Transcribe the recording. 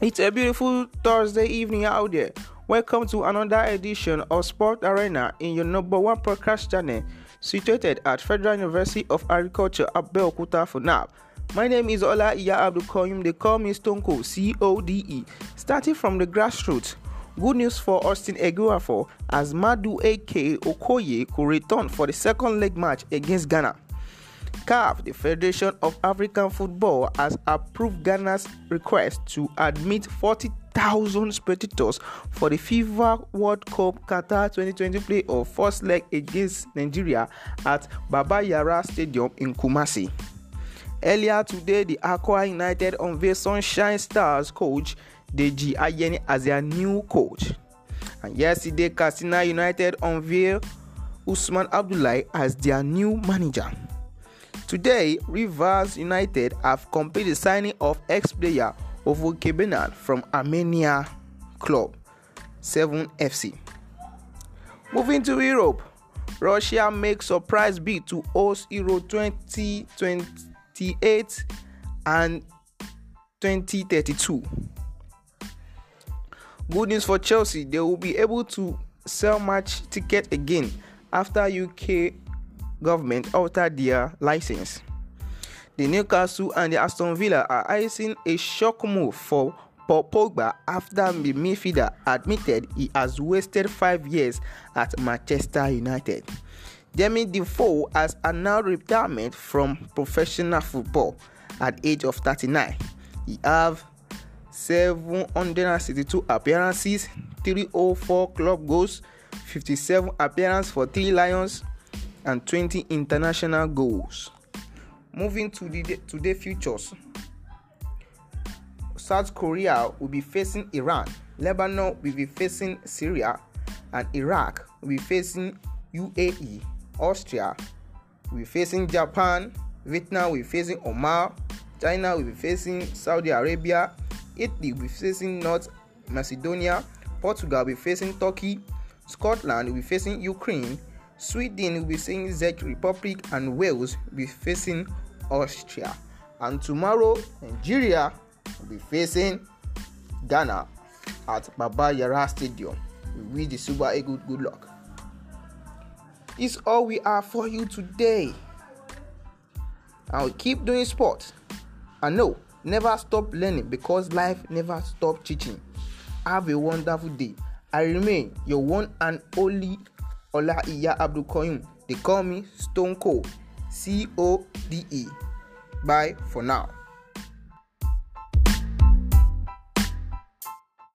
It's a beautiful Thursday evening out there. Welcome to another edition of Sport Arena in your number one podcast channel, situated at Federal University of Agriculture, Abeokuta, For now, My name is Ola Iya Abdul Koyum, they call me Stonko, C O D E. Starting from the grassroots, good news for Austin Eguafo as Madu AK Okoye could return for the second leg match against Ghana. CAF, the Federation of African Football, has approved Ghana's request to admit 40,000 spectators for the FIFA World Cup Qatar 2020 off first leg against Nigeria at Baba Yara Stadium in Kumasi. Earlier today, the Aqua United unveiled Sunshine Stars coach Deji Ayeni as their new coach. And yesterday, Katsina United unveiled Usman Abdullahi as their new manager. Today, Rivers United have completed the signing of ex-player Ovo from Armenia club 7 FC. Moving to Europe, Russia makes surprise bid to host Euro 2028 and 2032. Good news for Chelsea, they will be able to sell match ticket again after UK government alter their license. The Newcastle and the Aston Villa are icing a shock move for Paul Pogba after the midfielder admitted he has wasted five years at Manchester United. Jamie Defoe has announced retirement from professional football at age of 39. He have 762 appearances, 304 club goals, 57 appearances for three Lions, and 20 international goals. Moving to the today futures. South Korea will be facing Iran, Lebanon will be facing Syria, and Iraq will be facing UAE, Austria will be facing Japan, Vietnam will be facing Oman, China will be facing Saudi Arabia, Italy will be facing North Macedonia, Portugal will be facing Turkey, Scotland will be facing Ukraine, Sweden will be seeing Czech Republic and Wales will be facing Austria. And tomorrow, Nigeria will be facing Ghana at Baba Yara Stadium. We wish the Super Eagles good luck. It's all we have for you today. And we keep doing sport. And no, never stop learning because life never stop teaching. Have a wonderful day. I remain your one and only Ola Iya Abdulkoyun. They call me Stone Cold. C O D E. Bye for now.